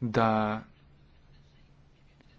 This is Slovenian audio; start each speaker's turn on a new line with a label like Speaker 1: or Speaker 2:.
Speaker 1: da